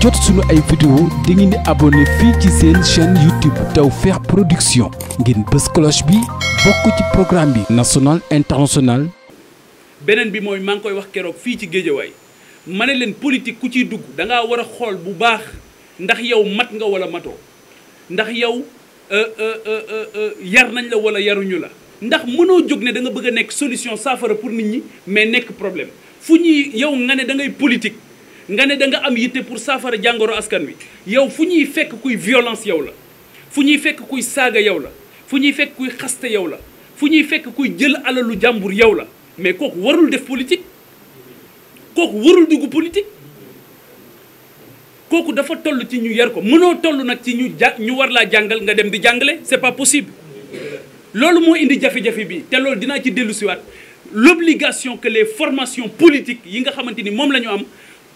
jot suñu ay vidéo da ngeen di abonné fii ci seen chaîne YouTube Tawfekh Production ngeen bës cloche bi bokk ci programme bi national international beneen bi mooy maa ngi koy wax keroog fii ci géejawaay ma ne leen politique ku ciy dugg da ngaa war a xool bu baax ndax yow mat nga wala matoo ndax yow euh, euh, euh, yar nañ la wala yaruñu la ndax mënoo jóg ne da nga bëgg a nekk solution saafara pour nit ñi mais nekk problème fu ñuy yow nga ne da ngay politique nga ne da nga am yitte pour saafara jàngoro askan wi yow fu ñuy fekk kuy violence yow la fu ñuy fekk kuy saaga yow la fu ñuy fekk kuy xaste yow la fu ñuy fekk kuy jël alalu jàmbur yow la mais kooku warul def politique kooku warul dugg politique kooku dafa toll ci ñu yar ko mënoo tollu nag ci ñu ja ñu war laa jàngal nga dem di jàngale c'est pas possible loolu moo indi jafe-jafe bi te loolu dinaa ci dellusiwaat siwaat l'obligation que les formations politiques yi nga xamante ni moom la ñu am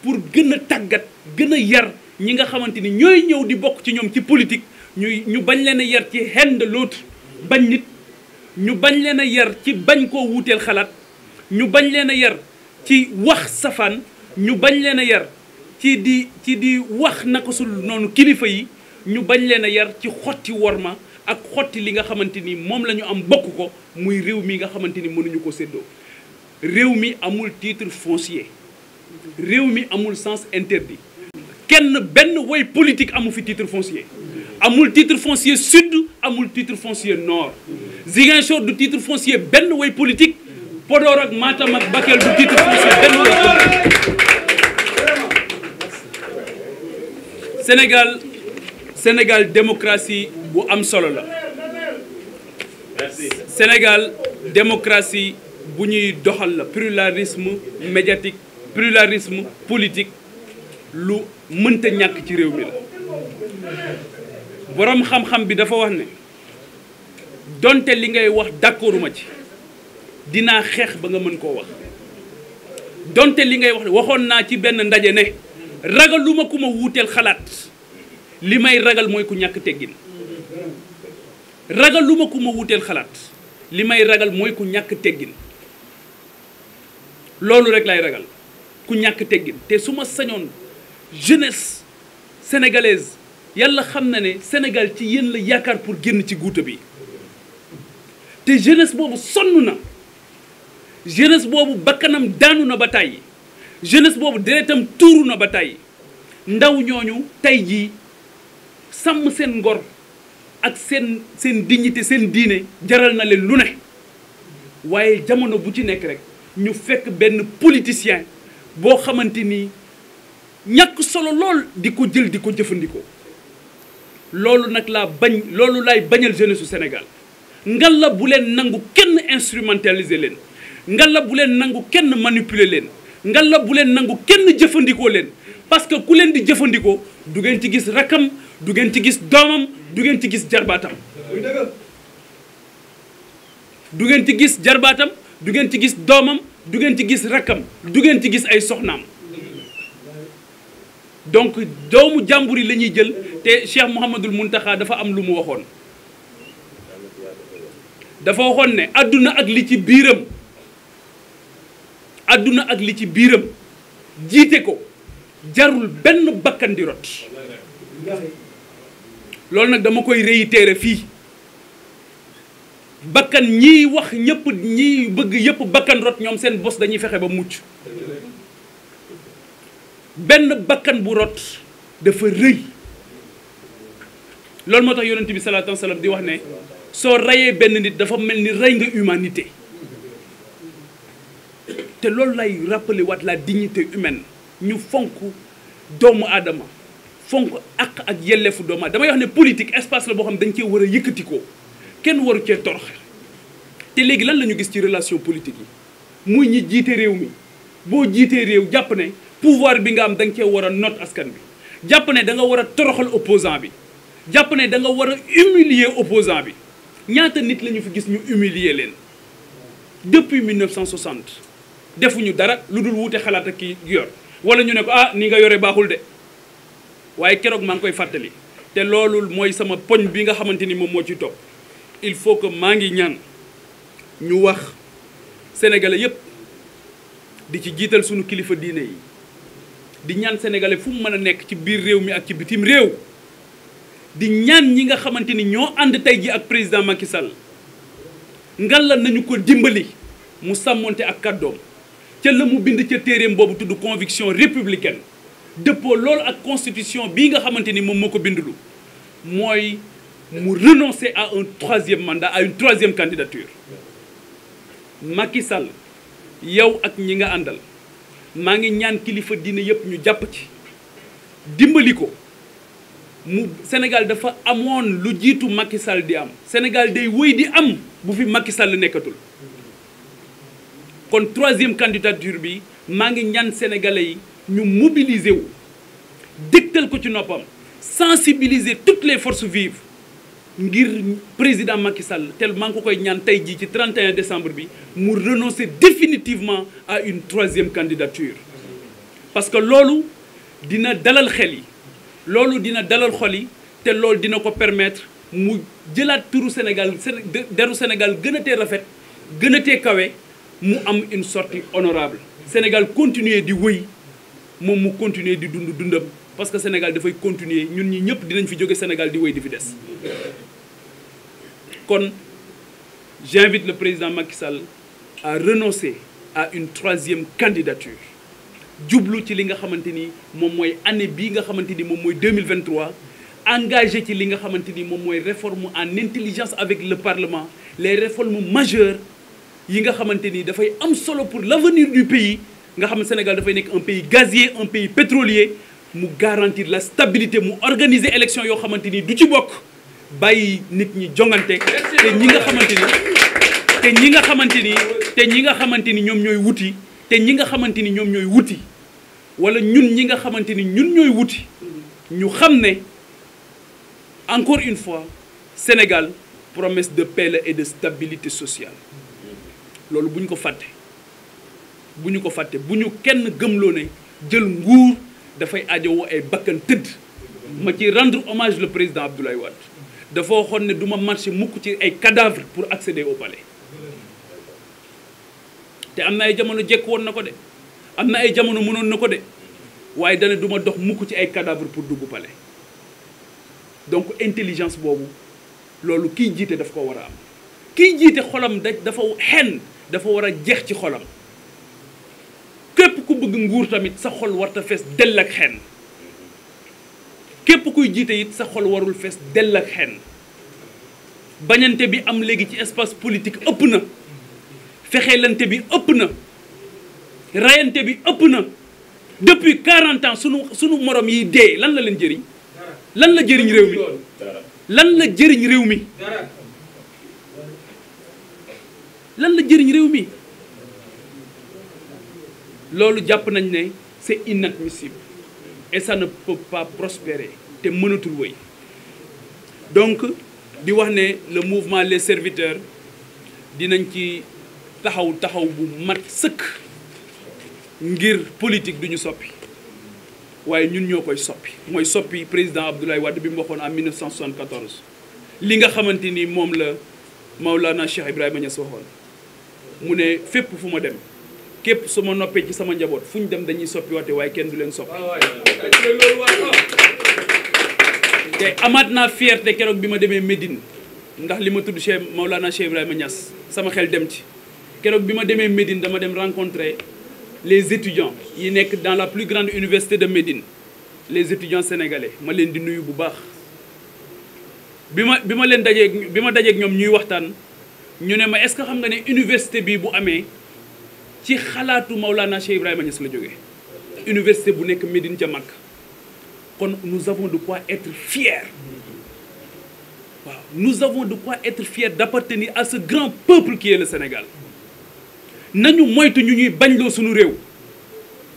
pour gën a tàggat gën a yar ñi nga xamante ni ñooy ñëw di bokk ci ñoom ci politique ñuy ñu bañ leen a yar ci haine bañ nit ñu bañ leen a yar ci bañ koo wuuteel xalaat ñu bañ leen a yar ci wax safaan ñu bañ leen a yar ci di ci di wax naka noonu kilifa yi ñu bañ leen a yar ci xotti worma ak xotti li nga xamante ni moom la ñu am bokk ko muy réew mi nga xamante ni mënuñu ko séddoo réew mi amul titre foncier réew mi amul sens interdit kenn benn woy politique amu fi titre foncier amul titre foncier sud amul titre foncier nord Ziguinchor du titre foncier benn woy politique Podor ak Matam ak Bakel du titre foncier Sénégal démocratie bu am solo la Sénégal démocratie bu ñuy doxal la pluralisme médiatique pluralisme politique lu mënta ñàkk ci réew mi boroom xam-xam bi dafa wax ne donte li ngay wax d'accorduma ci dinaa xeex ba nga mën koo wax doonte li ngay wax ne waxoon naa ci benn ndaje ne ragaluma ku ma wuuteel xalaat li may ragal mooy ku ñàkk teggin ragaluma ku ma wuuteel xalaat li may ragal mooy ku ñàkk teggin loolu rek lay ragal ku ñàkk teggin te su ma sañoon jeunesse sénégalaise yàlla xam na ne Sénégal ci yéen la yaakaar pour génn ci guuta bi te jeunesse boobu sonn na jeunesse boobu bakkanam daanu na ba tàyyi jeunesse boobu deretam tuuru na ba tàyyi ndaw ñooñu tey jii sàmm seen ngor ak seen seen dignité seen diine jaral na leen lu ne waaye jamono bu ci nekk rek ñu fekk benn politicien boo xamante ni ñàkk solo lool di ko jël di ko jëfandikoo loolu nag laa bañ loolu laay bañal jeunesse su Sénégal ngal la bu leen nangu kenn instrumentaliser leen ngal la bu leen nangu kenn manipuler leen ngal la bu leen nangu kenn jëfandikoo leen parce que ku leen di jëfandikoo du ngeen ci gis rakkam du ngeen ci gis doomam du ngeen ci gis jarbaatam du ngeen ci gis jarbaatam du ngeen ci gis doomam du ngeen ci gis rakkam du ngeen ci gis ay soxnaam donc doomu jàmbur yi lañuy jël te Cheikh Mouhamadul Mountakha dafa am lu mu waxoon dafa waxoon ne àdduna ak li ci biiram àdduna ak li ci biiram jiite ko jarul benn bakkan rot loolu nag dama koy réitérer fii bakkan ñiy wax ñëpp ñi bëgg yëpp bakkan rot ñoom seen bos dañuy fexe ba mucc benn bakkan bu rot dafa rëy loolu moo tax yonent bi salaatu wa salaam di wax ne soo rayee benn nit dafa mel ni rëy nga humanité te loolu lay rappelé waat la dignité humaine ñu fonk doomu aadama fonk ak ak yelleefu doomu aadama damay wax ne politique espace la boo xam dañ cee war a yëkkati ko kenn waru cee toroxal te léegi lan la ñu gis ci relation politique yi muy ñi jiite réew mi boo jiitee réew jàpp ne pouvoir bi nga am danga nga cee war a not askan bi jàpp ne da nga war a toroxal opposant bi jàpp ne da nga war a humilier opposant bi ñaata nit la ñu fi gis ñu humilier leen depuis 1960 defuñu dara lu dul wuute xalaat ak ki yor wala ñu ne ko ah ni nga yore baaxul de waaye keroog maa ngi koy fàttali te loolu mooy sama poñ bi nga xamante ni moom moo ci topp il faut que maa ngi ñaan ñu wax sénégalais yépp di ci jiital sunu kilifa diine yi di ñaan sénégalais fu mu mën a nekk ci biir réew mi ak ci bitim réew di ñaan ñi nga xamante ni ñoo ànd tey ji ak président Macky Sall ngalla nañu ko dimbali mu sàmmoonte ak kàddoom ca la mu bind ca téeréem boobu tudd conviction républicaine dëppoo loolu ak constitution bii nga xamante ni moom moo ko bindulu mooy mu renoncer à un troisième mandat a une troisième candidature Macky Sall yow ak ñi nga àndal maa ngi ñaan kilifa diine yëpp ñu jàpp ci dimbali ko mu Sénégal dafa amoon lu jiitu Macky Sall di am Sénégal day wëy di am bu fi Macky Sall nekkatul kon troisième candidature bi maa ngi ñaan sénégalais yi ñu mobiliser wu dégtal ko ci noppam sensibiliser toutes les forces vives ngir président Macky Sall tel maa koy ñaan tey jii ci 31 décembre bi mu renoncer définitivement à une troisième candidature parce que loolu dina dalal xel yi loolu dina dalal xol yi te loolu dina ko permettre mu jëlaat turu Sénégal daru Sénégal gën a tee rafet gën a tee kawe mu am une sortie honorable Sénégal continuer di wëy moom mu continuer di dund dundam parce que Sénégal dafay continuer ñun ñi ñëpp dinañ fi jóge Sénégal di wéy di fi des kon j'invite le président Macky Sall à renoncer à une troisième candidature jublu ci li nga xamante ni moom mooy année bii nga xamante ni moom mooy 2023 engagé ci li nga xamante ni moom mooy réforme en intelligence avec le Parlement les réformes majeures yi nga xamante ni dafay am solo pour l'avenir du pays nga xam Sénégal dafay nekk un pays gazier un pays pétrolier mu garantir la stabilité mu organiser élection yoo xamante ni du ci bokk bàyyi nit ñi jongante te ñi nga xamante ni te ñi nga xamante ni te nga xamante ni ñoom ñooy wuti te ñi nga xamante ni ñoom ñooy wuti wala ñun ñi nga xamante ni ñun ñooy wuti ñu xam ne encore une fois Sénégal promesse de paix la et de stabilité sociale loolu bu ñu ko fàtte bu ñu ko fàtte bu ñu kenn gëmloo ne jël nguur dafay ajowoo ay bakkan tëdd ma ci rendre hommage la président Abdoulaye Wade dafa waxoon ne du ma marché mukk ci ay cadavre pour accédé au palais te am na ay jamono jekk woon na ko de am na ay jamono mënoon na ko de waaye dana du ma dox mukk ci ay cadavre pour dugg palais donc intelligence boobu loolu kiy jiite daf ko war a am kiy jiite xolam da dafa xen dafa war a jeex ci xolam bëgg nguur tamit sa xol warta fees dell ak xen képp kuy jiite it sa xol warul fees dell ak xen bañante bi am léegi ci espace politique ëpp na fexeelante bi ëpp na rayante bi ëpp na depuis 40 ans sunu sunu morom yi dee lan la leen jëriñ lan la jëriñ réew mi lan la jëriñ réew mi lan la jëriñ réew mi loolu jàpp nañ ne c'est inadmissible et ça ne peut pas prospérer te mënatul woy donc di wax ne le mouvement les serviteurs dinañ ci taxaw taxaw bu mat sëkk ngir politique duñu soppi waaye ñun ñoo koy soppi mooy soppi président Abdoulaye Wade bi mu waxoon en 1974 li nga xamante ni moom la Maulana Cheikh Ibrahima Niass waxoon mu ne fépp fu ma dem képp su ma noppee ci sama njaboot fu ñu dem dañuy soppiwaate waaye kenn du leen soppi ah, te amaat naa fierté keroog bi ma demee Médine ndax li ma tudd moom Cheikh Maulana Cheikh ma Niass sama xel dem ci keroog bi ma demee Médine dama dem rencontrer les étudiants yi nekk dans la plus grande université de Médine les étudiants sénégalais ma leen di nuyu bu baax bi ma bi ma leen dajee bi ma dajeeg ñoom ñuy waxtaan ñu ne ma est-ce que xam nga ne université bii bu amee ci xalaatu Maulana Cheikh Ibrahima Niass la jógee université bu nekk Médine ca Makka kon nous avons de quoi être fiers waaw nous avons de quoi être d'appartenir à ce grand peuple qui est le Sénégal nañu moytu ñu ñuy loo suñu réew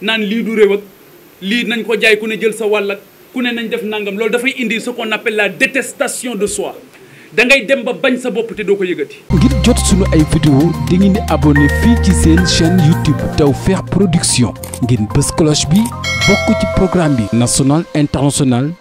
naan lii du réew lii nañ ko jaay ku ne jël sa wàll ak ku ne nañ def nangam loolu dafay indi ce qu'on appelle la détestation de soi da ngay dem ba bañ sa bopp te doo ko yëgati. ngir jot sunu ay vidéo di ngeen di abonné fii ci seen chaîne YouTube feex Production ngeen bës cloche bi bokk ci programme bi national international.